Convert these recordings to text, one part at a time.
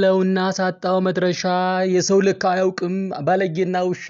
لون ማሳጣው መድረሻ የሰው ልክ አያውቅም ባለጌና ውሻ።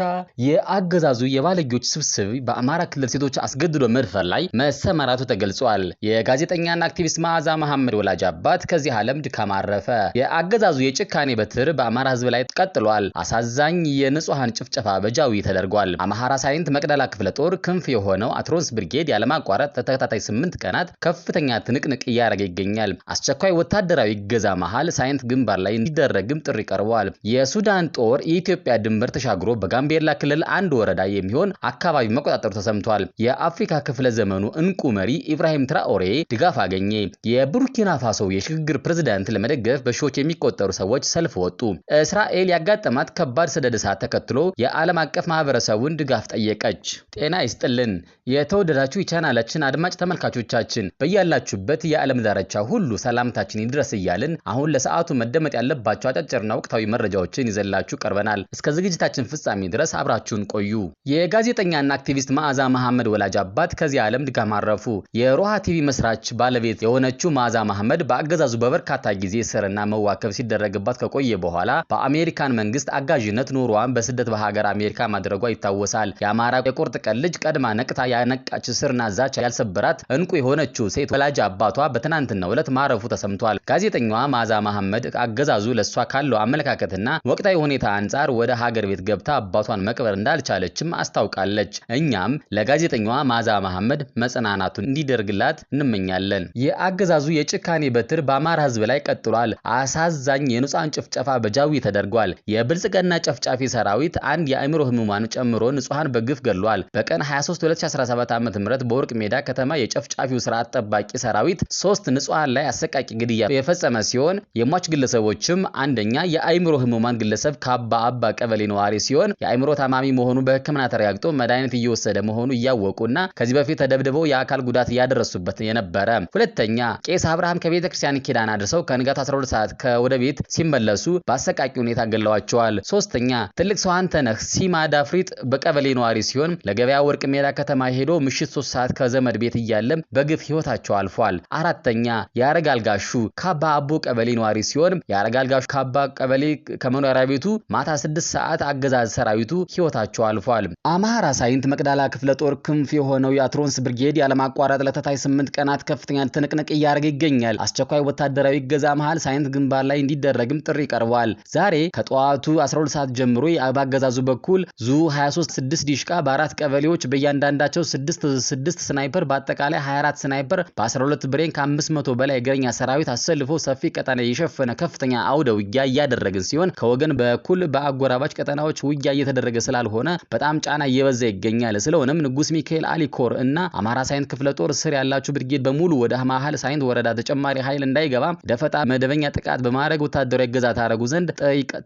የአገዛዙ የባለጌዎች ስብስብ በአማራ ክልል ሴቶች አስገድዶ መድፈር ላይ መሰማራቱ ተገልጿል። የጋዜጠኛና አክቲቪስት መዓዛ መሐመድ ወላጅ አባት ከዚህ ዓለም ድካም አረፈ። የአገዛዙ የጭካኔ በትር በአማራ ህዝብ ላይ ቀጥሏል። አሳዛኝ የንጹሐን ጭፍጨፋ በጃዊ ተደርጓል። አማራ ሳይንት መቅደላ ክፍለ ጦር ክንፍ የሆነው አትሮንስ ብርጌድ ያለማቋረጥ ተከታታይ ስምንት ቀናት ከፍተኛ ትንቅንቅ እያደረገ ይገኛል። አስቸኳይ ወታደራዊ ገዛ መሃል ሳይንት ግንባር ላይ እንዲደረግ እንዲደረግም ጥሪ ቀርበዋል። የሱዳን ጦር የኢትዮጵያ ድንበር ተሻግሮ በጋምቤላ ክልል አንድ ወረዳ የሚሆን አካባቢ መቆጣጠሩ ተሰምቷል። የአፍሪካ ክፍለ ዘመኑ እንቁ መሪ ኢብራሂም ትራኦሬ ድጋፍ አገኘ። የቡርኪና ፋሶ የሽግግር ፕሬዝዳንት ለመደገፍ በሺዎች የሚቆጠሩ ሰዎች ሰልፍ ወጡ። እስራኤል ያጋጠማት ከባድ ሰደድ እሳት ተከትሎ የዓለም አቀፍ ማህበረሰቡን ድጋፍ ጠየቀች። ጤና ይስጥልን የተወደዳችሁ የቻናላችን አድማጭ ተመልካቾቻችን በያላችሁበት የዓለም ዳርቻ ሁሉ ሰላምታችን ይድረስ እያልን አሁን ለሰዓቱ መደመጥ ያለባቸው አጫጭርና ወቅታዊ መረጃዎችን ይዘላችሁ ቀርበናል። እስከ ዝግጅታችን ፍጻሜ ድረስ አብራችሁን ቆዩ። የጋዜጠኛና አክቲቪስት መዓዛ መሐመድ ወላጅ አባት ከዚህ ዓለም ድካም አረፉ። የሮሃ ቲቪ መስራች ባለቤት የሆነችው መዓዛ መሐመድ በአገዛዙ በበርካታ ጊዜ እስርና መዋከብ ሲደረግባት ከቆየ በኋላ በአሜሪካን መንግስት አጋዥነት ኑሯን በስደት በሀገር አሜሪካ ማድረጓ ይታወሳል። የአማራ የቁርጥ ቀን ልጅ ቀድማ ነቅታ ያነቃች ስርና ዛቻ ያልሰበራት እንቁ የሆነችው ሴት ወላጅ አባቷ በትናንትናው ዕለት ማረፉ ተሰምቷል። ጋዜጠኛዋ መዓዛ መሐመድ አገዛዙ ለሷ ካለው አመለካከትና ወቅታዊ ሁኔታ አንጻር ወደ ሀገር ቤት ገብታ አባቷን መቅበር እንዳልቻለችም አስታውቃለች። እኛም ለጋዜጠኛዋ ማዛ መሐመድ መጽናናቱን እንዲደርግላት እንመኛለን። የአገዛዙ የጭካኔ በትር በአማራ ሕዝብ ላይ ቀጥሏል። አሳዛኝ የንጹሐን ጭፍጨፋ በጃዊ ተደርጓል። የብልጽግና ጨፍጫፊ ሰራዊት አንድ የአእምሮ ህሙማን ጨምሮ ንጹሃን በግፍ ገድሏል። በቀን 23 2017 ዓ.ም በወርቅ ሜዳ ከተማ የጨፍጫፊው ስርዓት ጠባቂ ሰራዊት ሶስት ንጹሃን ላይ አሰቃቂ ግድያ የፈጸመ ሲሆን የሟች ግለሰቦችም አንደኛ የአይምሮ ህሙማን ግለሰብ ካባ አባ ቀበሌ ነዋሪ ሲሆን የአይምሮ ታማሚ መሆኑ በህክምና ተረጋግጦ መድኃኒት እየወሰደ መሆኑ እያወቁና ከዚህ በፊት ተደብድበው የአካል ጉዳት እያደረሱበት የነበረ። ሁለተኛ ቄስ አብርሃም ከቤተ ክርስቲያን ኪዳን አድርሰው ከንጋት 12 ሰዓት ከወደ ቤት ሲመለሱ በአሰቃቂ ሁኔታ ገለዋቸዋል። ሶስተኛ ትልቅ ሰው አንተነህ ሲማ ዳፍሪጥ በቀበሌ ነዋሪ ሲሆን ለገበያ ወርቅ ሜዳ ከተማ ሄዶ ምሽት 3 ሰዓት ከዘመድ ቤት እያለም በግፍ ህይወታቸው አልፏል። አራተኛ የአረጋል ጋሹ ካባ አቦ ቀበሌ ነዋሪ ሲሆን የአረጋል ካባ ቀበሌ ከመኖሪያ ቤቱ ማታ ስድስት ሰዓት አገዛዝ ሰራዊቱ ህይወታቸው አልፏል። አማራ ሳይንት መቅዳላ ክፍለ ጦር ክንፍ የሆነው የአትሮንስ ብርጌድ ያለማቋረጥ ለተታይ ስምንት ቀናት ከፍተኛ ትንቅንቅ እያደረገ ይገኛል። አስቸኳይ ወታደራዊ እገዛ መሀል ሳይንት ግንባር ላይ እንዲደረግም ጥሪ ቀርቧል። ዛሬ ከጠዋቱ 12 ሰዓት ጀምሮ በአገዛዙ በኩል ዙ 23 6 ዲሽቃ በአራት ቀበሌዎች በእያንዳንዳቸው 6 6 ስናይፐር በአጠቃላይ 24 ስናይፐር በ12 ብሬን ከ500 በላይ እግረኛ ሰራዊት አሰልፎ ሰፊ ቀጠና የሸፈነ ከፍተኛ አውደ ውጊያ ውጊያ እያደረግን ሲሆን ከወገን በኩል በአጎራባች ቀጠናዎች ውጊያ እየተደረገ ስላልሆነ በጣም ጫና እየበዛ ይገኛል። ስለሆነም ንጉስ ሚካኤል አሊኮር እና አማራ ሳይንት ክፍለ ጦር ስር ያላችሁ ብርጌድ በሙሉ ወደ መሀል ሳይንት ወረዳ ተጨማሪ ኃይል እንዳይገባ ደፈጣ መደበኛ ጥቃት በማድረግ ወታደራዊ እገዛ ታደረጉ ዘንድ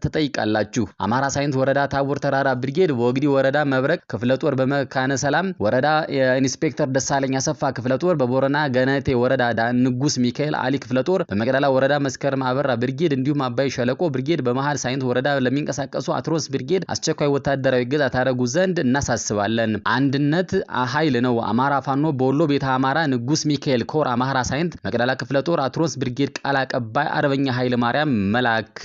ትጠይቃላችሁ። አማራ ሳይንት ወረዳ ታቦር ተራራ ብርጌድ፣ በወግዲ ወረዳ መብረቅ ክፍለ ጦር፣ በመካነ ሰላም ወረዳ ኢንስፔክተር ደሳለኝ አሰፋ ክፍለ ጦር፣ በቦረና ገነቴ ወረዳ ንጉስ ሚካኤል አሊ ክፍለ ጦር፣ በመቅደላ ወረዳ መስከረም አበራ ብርጌድ እንዲሁም አባይ ሸለቆ ብርጌድ በመሃል ሳይንት ወረዳ ለሚንቀሳቀሱ አትሮስ ብርጌድ አስቸኳይ ወታደራዊ እገዛ ታደርጉ ዘንድ እናሳስባለን። አንድነት ኃይል ነው። አማራ ፋኖ በወሎ ቤተ አማራ ንጉስ ሚካኤል ኮር አማራ ሳይንት መቅደላ ክፍለ ጦር አትሮስ ብርጌድ ቃል አቀባይ አርበኛ ኃይለ ማርያም መላክ።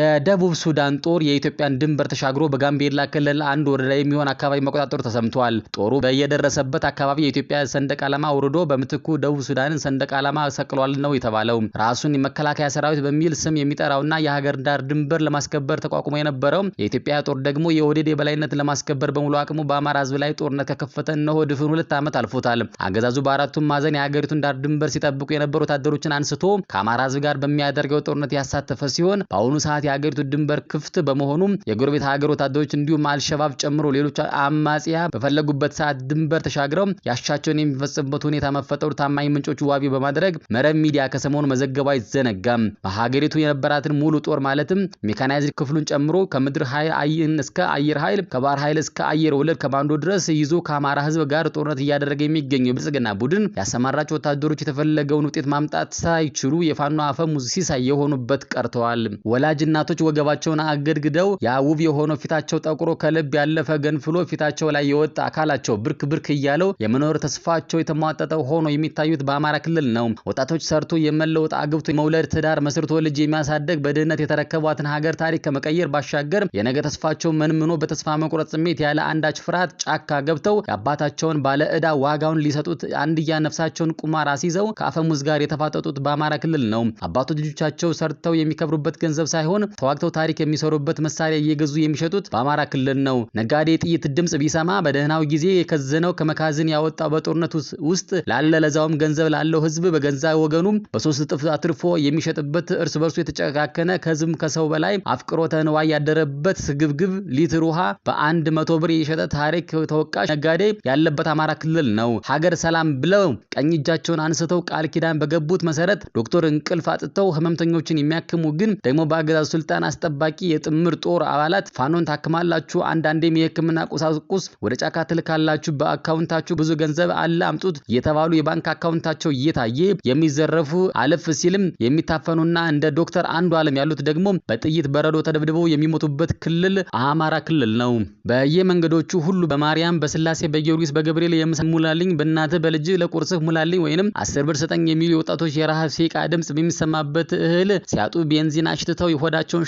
የደቡብ ሱዳን ጦር የኢትዮጵያን ድንበር ተሻግሮ በጋምቤላ ክልል አንድ ወረዳ የሚሆን አካባቢ መቆጣጠሩ ተሰምቷል። ጦሩ በየደረሰበት አካባቢ የኢትዮጵያ ሰንደቅ ዓላማ አውርዶ በምትኩ ደቡብ ሱዳንን ሰንደቅ ዓላማ ሰቅሏል ነው የተባለው። ራሱን የመከላከያ ሰራዊት በሚል ስም የሚጠራውና የሀገር ዳር ድንበር ለማስከበር ተቋቁሞ የነበረው የኢትዮጵያ ጦር ደግሞ የወደድ የበላይነት ለማስከበር በሙሉ አቅሙ በአማራ ህዝብ ላይ ጦርነት ከከፈተ እነሆ ድፍን ሁለት ዓመት አልፎታል። አገዛዙ በአራቱም ማዕዘን የሀገሪቱን ዳር ድንበር ሲጠብቁ የነበሩ ወታደሮችን አንስቶ ከአማራ ህዝብ ጋር በሚያደርገው ጦርነት ያሳተፈ ሲሆን በአሁኑ ሰዓት የሀገሪቱ ድንበር ክፍት በመሆኑ የጎረቤት ሀገር ወታደሮች እንዲሁም አልሸባብ ጨምሮ ሌሎች አማጽያ በፈለጉበት ሰዓት ድንበር ተሻግረው ያሻቸውን የሚፈጽሙበት ሁኔታ መፈጠሩ ታማኝ ምንጮቹ ዋቢ በማድረግ መረብ ሚዲያ ከሰሞኑ መዘገቡ አይዘነጋም። በሀገሪቱ የነበራትን ሙሉ ጦር ማለትም ሜካናይዝድ ክፍሉን ጨምሮ ከምድር ኃይል እስከ አየር ኃይል ከባህር ኃይል እስከ አየር ወለድ ከማንዶ ድረስ ይዞ ከአማራ ህዝብ ጋር ጦርነት እያደረገ የሚገኘው የብልጽግና ቡድን ያሰማራቸው ወታደሮች የተፈለገውን ውጤት ማምጣት ሳይችሉ የፋኖ አፈሙዝ ሲሳይ የሆኑበት ቀርተዋል። ወላጅ እናቶች ወገባቸውን አገድግደው ያ ውብ የሆነው ፊታቸው ጠቁሮ ከልብ ያለፈ ገንፍሎ ፊታቸው ላይ የወጣ አካላቸው ብርክ ብርክ እያለው የመኖር ተስፋቸው የተሟጠጠ ሆኖ የሚታዩት በአማራ ክልል ነው። ወጣቶች ሰርቶ የመለወጥ አግብቶ መውለድ ትዳር መስርቶ ልጅ የሚያሳደግ በድህነት በባርነት የተረከቧትን ሀገር ታሪክ ከመቀየር ባሻገር የነገ ተስፋቸው መንምኖ በተስፋ መቁረጥ ስሜት ያለ አንዳች ፍርሃት ጫካ ገብተው የአባታቸውን ባለ ዕዳ ዋጋውን ሊሰጡት አንድያ ነፍሳቸውን ቁማር አስይዘው ከአፈሙዝ ጋር የተፋጠጡት በአማራ ክልል ነው። አባቶች ልጆቻቸው ሰርተው የሚከብሩበት ገንዘብ ሳይሆን ተዋግተው ታሪክ የሚሰሩበት መሳሪያ እየገዙ የሚሸጡት በአማራ ክልል ነው። ነጋዴ ጥይት ድምፅ ቢሰማ በደህናው ጊዜ የከዘነው ከመካዝን ያወጣው በጦርነት ውስጥ ላለ ለዛውም ገንዘብ ላለው ህዝብ በገንዛ ወገኑም በሶስት እጥፍ አትርፎ የሚሸጥበት እርስ በርሱ የተጨካከነ ከዝም ከሰው በላይ አፍቅሮተ ንዋይ ያደረበት ግብግብ ሊትር ውሃ በአንድ መቶ ብር የሸጠ ታሪክ ተወቃሽ ነጋዴ ያለበት አማራ ክልል ነው። ሀገር ሰላም ብለው ቀኝ እጃቸውን አንስተው ቃል ኪዳን በገቡት መሰረት ዶክተር እንቅልፍ አጥተው ህመምተኞችን የሚያክሙ ግን ደግሞ በአገዛዙ ስልጣን አስጠባቂ የጥምር ጦር አባላት ፋኖን ታክማላችሁ፣ አንዳንዴም የህክምና ቁሳቁስ ወደ ጫካ ትልካላችሁ፣ በአካውንታችሁ ብዙ ገንዘብ አለ አምጡት የተባሉ የባንክ አካውንታቸው እየታየ የሚዘረፉ አለፍ ሲልም የሚታፈኑና እንደ ዶክተር አንዱ አለም ያሉት ደግሞ በጥይት በረዶ ተደብድበው የሚሞቱበት ክልል አማራ ክልል ነው። በየመንገዶቹ ሁሉ በማርያም፣ በስላሴ፣ በጊዮርጊስ፣ በገብርኤል የምሳ ሙላልኝ፣ በእናትህ በልጅ ለቁርስህ ሙላልኝ ወይንም አስር ብር ስጠኝ የሚሉ የወጣቶች የረሃብ ሲቃ ድምጽ በሚሰማበት እህል ሲያጡ ቤንዚን አሽትተው ሆዳቸውን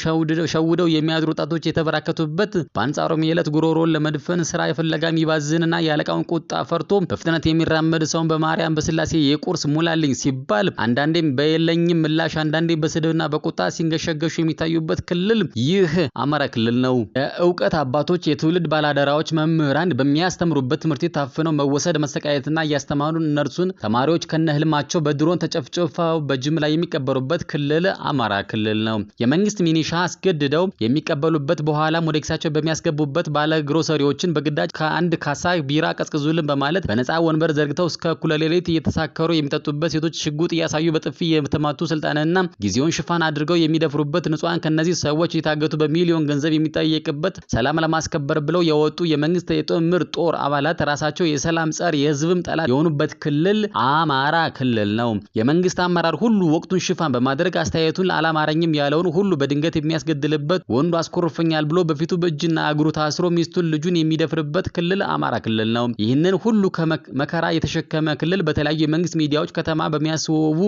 ሸውደው የሚያድሩ ወጣቶች የተበራከቱበት በአንጻሩም የዕለት ጉሮሮን ለመድፈን ስራ የፈለጋ የሚባዝንና የአለቃውን ቁጣ ፈርቶ በፍጥነት የሚራመድ ሰውን በማርያም በስላሴ የቁርስ ሙላልኝ ሲባል አንዳንዴም በየለኝም ምላሽ አንዳንዴ በስድብና በቁጣ ሲንገሽ እየገሸገሹ የሚታዩበት ክልል ይህ አማራ ክልል ነው። የእውቀት አባቶች፣ የትውልድ ባላደራዎች፣ መምህራን በሚያስተምሩበት ትምህርት ቤት ታፍነው መወሰድ፣ መሰቃየትና እያስተማሩ እነርሱን ተማሪዎች ከነህልማቸው በድሮን ተጨፍጭፈው በጅምላ የሚቀበሩበት ክልል አማራ ክልል ነው። የመንግስት ሚኒሻ አስገድደው የሚቀበሉበት በኋላም ወደ ኪሳቸው በሚያስገቡበት ባለ ግሮሰሪዎችን በግዳጅ ከአንድ ካሳ ቢራ ቀዝቅዙልን በማለት በነፃ ወንበር ዘርግተው እስከ እኩለ ሌሊት እየተሳከሩ የሚጠጡበት ሴቶች ሽጉጥ እያሳዩ በጥፊ የተመቱ ስልጣንና ጊዜውን ሽፋን አድርገው የሚደፉ የሚደፍሩበት፣ ንጹሃን ከነዚህ ሰዎች የታገቱ በሚሊዮን ገንዘብ የሚጠየቅበት፣ ሰላም ለማስከበር ብለው የወጡ የመንግስት የጥምር ጦር አባላት ራሳቸው የሰላም ጸር የህዝብም ጠላት የሆኑበት ክልል አማራ ክልል ነው። የመንግስት አመራር ሁሉ ወቅቱን ሽፋን በማድረግ አስተያየቱን አላማረኝም ያለውን ሁሉ በድንገት የሚያስገድልበት፣ ወንዱ አስኮርፈኛል ብሎ በፊቱ በእጅና እግሩ ታስሮ ሚስቱን ልጁን የሚደፍርበት ክልል አማራ ክልል ነው። ይህንን ሁሉ ከመከራ የተሸከመ ክልል በተለያዩ የመንግስት ሚዲያዎች ከተማ በሚያስወቡ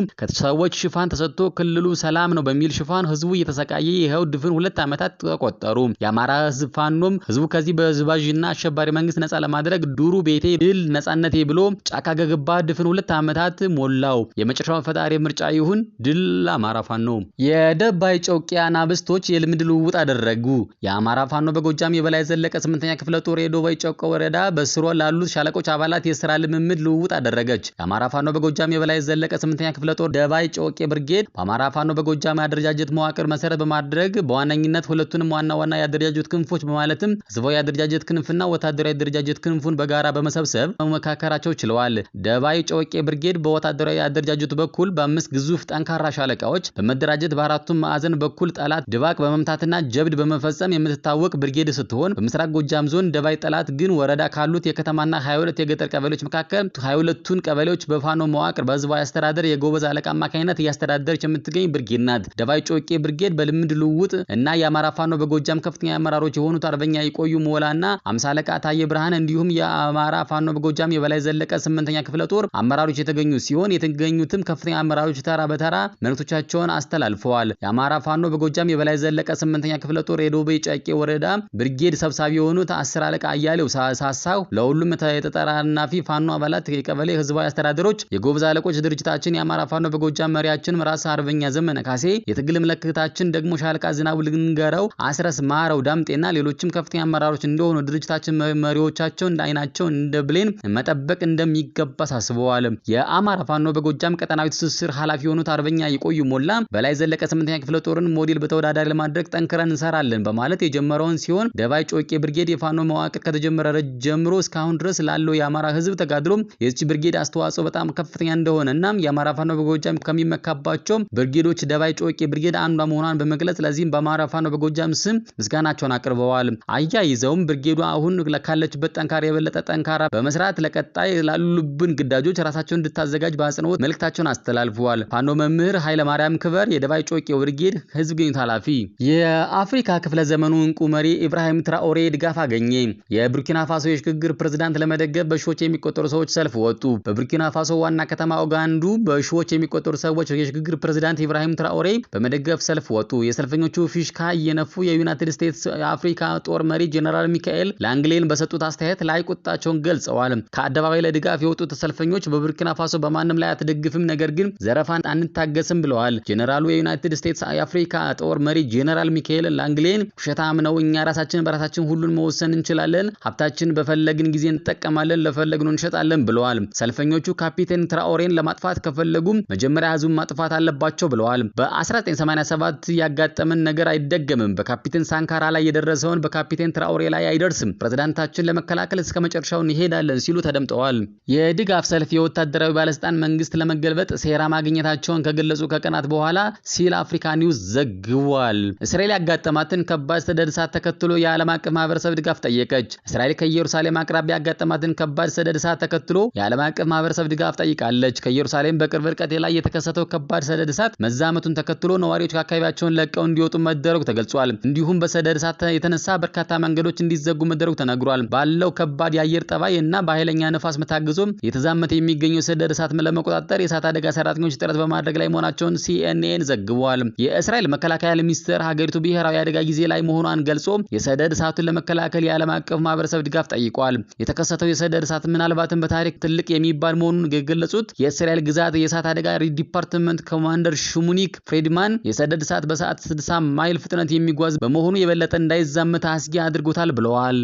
ሰዎች ሽፋን ተሰጥቶ ክልሉ ሰላም ነው በሚል ሽፋን ህዝቡ እየተሰቃየ ይኸው ድፍን ሁለት ዓመታት ተቆጠሩ። የአማራ ህዝብ ፋኖም ህዝቡ ከዚህ በዝባዥና አሸባሪ መንግስት ነጻ ለማድረግ ዱሩ ቤቴ ድል ነጻነቴ ብሎ ጫካ ገግባ ድፍን ሁለት ዓመታት ሞላው። የመጨረሻው ፈጣሪ ምርጫ ይሁን። ድል አማራ ፋኖ። የደባይ ጮቄ አናብስቶች የልምድ ልውውጥ አደረጉ። የአማራ ፋኖ በጎጃም የበላይ ዘለቀ ስምንተኛ ክፍለ ጦር የደባይ ጮቄ ወረዳ በስሮ ላሉት ሻለቆች አባላት የስራ ልምምድ ልውውጥ አደረገች። የአማራ ፋኖ በጎጃም የበላይ ዘለቀ ስምንተኛ ክፍለ ጦር ደባይ ጮቄ ብርጌድ በአማራ ፋኖ በጎጃም አደረጃጀት መዋ መዋቅር መሰረት በማድረግ በዋነኝነት ሁለቱንም ዋና ዋና የአደረጃጀት ክንፎች በማለትም ህዝባዊ አደረጃጀት ክንፍና ወታደራዊ የአደረጃጀት ክንፉን በጋራ በመሰብሰብ መመካከራቸው ችለዋል። ደባይ ጨወቄ ብርጌድ በወታደራዊ አደረጃጀቱ በኩል በአምስት ግዙፍ ጠንካራ ሻለቃዎች በመደራጀት በአራቱም ማዕዘን በኩል ጠላት ድባቅ በመምታትና ጀብድ በመፈጸም የምትታወቅ ብርጌድ ስትሆን በምስራቅ ጎጃም ዞን ደባይ ጠላት ግን ወረዳ ካሉት የከተማና 22 የገጠር ቀበሌዎች መካከል 22ቱን ቀበሌዎች በፋኖ መዋቅር በህዝባዊ አስተዳደር የጎበዝ አለቃ አማካኝነት እያስተዳደረች የምትገኝ ብርጌድ ናት። ደባይ ጮቄ ብርጌድ በልምድ ልውውጥ እና የአማራ ፋኖ በጎጃም ከፍተኛ አመራሮች የሆኑት አርበኛ ይቆዩ ሞላና አምሳ አለቃ ታዬ ብርሃን እንዲሁም የአማራ ፋኖ በጎጃም የበላይ ዘለቀ ስምንተኛ ክፍለ ጦር አመራሮች የተገኙ ሲሆን የተገኙትም ከፍተኛ አመራሮች ተራ በተራ መልእክቶቻቸውን አስተላልፈዋል። የአማራ ፋኖ በጎጃም የበላይ ዘለቀ ስምንተኛ ክፍለ ጦር የዶቤ ጨቄ ወረዳ ብርጌድ ሰብሳቢ የሆኑት አስር አለቃ አያሌው ሳሳው ለሁሉም የተጠራናፊ ፋኖ አባላት የቀበሌ ህዝባዊ አስተዳደሮች የጎበዝ አለቆች ድርጅታችን የአማራ ፋኖ በጎጃም መሪያችን ራስ አርበኛ ዘመነ ካሴ የትግል ምልክት ምልክታችን ደግሞ ሻለቃ ዝናቡ ልንገረው አስረስ ማረው ዳምጤና ሌሎችም ከፍተኛ አመራሮች እንደሆኑ ድርጅታችን መሪዎቻቸው እንደ አይናቸው እንደ ብሌን መጠበቅ እንደሚገባ አሳስበዋል። የአማራ ፋኖ በጎጃም ቀጠናዊ ትስስር ኃላፊ የሆኑት አርበኛ የቆዩ ሞላ በላይ ዘለቀ ስምንተኛ ክፍለ ጦርን ሞዴል በተወዳዳሪ ለማድረግ ጠንክረን እንሰራለን በማለት የጀመረውን ሲሆን ደባይ ጮቄ ብርጌድ የፋኖ መዋቅር ከተጀመረ ጀምሮ እስካሁን ድረስ ላለው የአማራ ህዝብ ተጋድሎ የዚች ብርጌድ አስተዋጽኦ በጣም ከፍተኛ እንደሆነ እና የአማራ ፋኖ በጎጃም ከሚመካባቸው ብርጌዶች ደባይ ጮቄ ብርጌድ አንዱ ፋኖ መሆኗን በመግለጽ ለዚህም በአማራ ፋኖ በጎጃም ስም ምስጋናቸውን አቅርበዋል። አያይዘውም ብርጌዱ አሁን ካለችበት ጠንካራ የበለጠ ጠንካራ በመስራት ለቀጣይ ላሉብን ግዳጆች ራሳቸውን እንድታዘጋጅ በአጽንኦት መልእክታቸውን አስተላልፈዋል። ፋኖ መምህር ማርያም ክበር የደባይ ጮቄ ብርጌድ ህዝብ ግንኙነት ኃላፊ። የአፍሪካ ክፍለ ዘመኑ እንቁ መሪ ኢብራሂም ትራኦሬ ድጋፍ አገኘ። የቡርኪና ፋሶ የሽግግር ፕሬዝዳንት ለመደገፍ በሺዎች የሚቆጠሩ ሰዎች ሰልፍ ወጡ። በቡርኪና ፋሶ ዋና ከተማ ኦጋንዱ በሺዎች የሚቆጠሩ ሰዎች የሽግግር ፕሬዝዳንት ኢብራሂም ትራኦሬ በመደገፍ ሰልፍ ወጡ። የሰልፈኞቹ ፊሽካ እየነፉ የዩናይትድ ስቴትስ የአፍሪካ ጦር መሪ ጀነራል ሚካኤል ላንግሌን በሰጡት አስተያየት ላይ ቁጣቸውን ገልጸዋል። ከአደባባይ ለድጋፍ የወጡት ሰልፈኞች በቡርኪና ፋሶ በማንም ላይ አትደግፍም፣ ነገር ግን ዘረፋን አንታገስም ብለዋል። ጀነራሉ የዩናይትድ ስቴትስ የአፍሪካ ጦር መሪ ጀነራል ሚካኤል ላንግሌን ውሸታም ነው፣ እኛ ራሳችን በራሳችን ሁሉን መወሰን እንችላለን፣ ሀብታችን በፈለግን ጊዜ እንጠቀማለን፣ ለፈለግነው እንሸጣለን ብለዋል። ሰልፈኞቹ ካፒቴን ትራኦሬን ለማጥፋት ከፈለጉም መጀመሪያ ህዝቡን ማጥፋት አለባቸው ብለዋል። በ1986 ሰባት ያጋጠመን ነገር አይደገምም። በካፒቴን ሳንካራ ላይ የደረሰውን በካፒቴን ትራኦሬ ላይ አይደርስም። ፕሬዝዳንታችን ለመከላከል እስከ መጨረሻው እንሄዳለን ሲሉ ተደምጠዋል። የድጋፍ ሰልፍ የወታደራዊ ባለስልጣን መንግስት ለመገልበጥ ሴራ ማግኘታቸውን ከገለጹ ከቀናት በኋላ ሲል አፍሪካ ኒውስ ዘግቧል። እስራኤል ያጋጠማትን ከባድ ሰደድ እሳት ተከትሎ የዓለም አቀፍ ማህበረሰብ ድጋፍ ጠየቀች። እስራኤል ከኢየሩሳሌም አቅራቢያ ያጋጠማትን ከባድ ሰደድ እሳት ተከትሎ የዓለም አቀፍ ማህበረሰብ ድጋፍ ጠይቃለች። ከኢየሩሳሌም በቅርብ ርቀት ላይ የተከሰተው ከባድ ሰደድ እሳት መዛመቱን ተከትሎ ነዋሪዎች ፖለቲካ አካባቢያቸውን ለቀው እንዲወጡ መደረጉ ተገልጿል። እንዲሁም በሰደድ እሳት የተነሳ በርካታ መንገዶች እንዲዘጉ መደረጉ ተነግሯል። ባለው ከባድ የአየር ጠባይ እና በኃይለኛ ነፋስ መታገዞ የተዛመተ የሚገኘው ሰደድ እሳት ለመቆጣጠር የእሳት አደጋ ሰራተኞች ጥረት በማድረግ ላይ መሆናቸውን ሲኤንኤን ዘግቧል። የእስራኤል መከላከያ ሚኒስቴር ሀገሪቱ ብሔራዊ አደጋ ጊዜ ላይ መሆኗን ገልጾ የሰደድ እሳቱን ለመከላከል የዓለም አቀፍ ማህበረሰብ ድጋፍ ጠይቋል። የተከሰተው የሰደድ እሳት ምናልባትም በታሪክ ትልቅ የሚባል መሆኑን የገለጹት የእስራኤል ግዛት የእሳት አደጋ ዲፓርትመንት ኮማንደር ሹሙኒክ ፍሬድማን ሰደድ እሳት በሰዓት 60 ማይል ፍጥነት የሚጓዝ በመሆኑ የበለጠ እንዳይዛመት አስጊ አድርጎታል ብለዋል።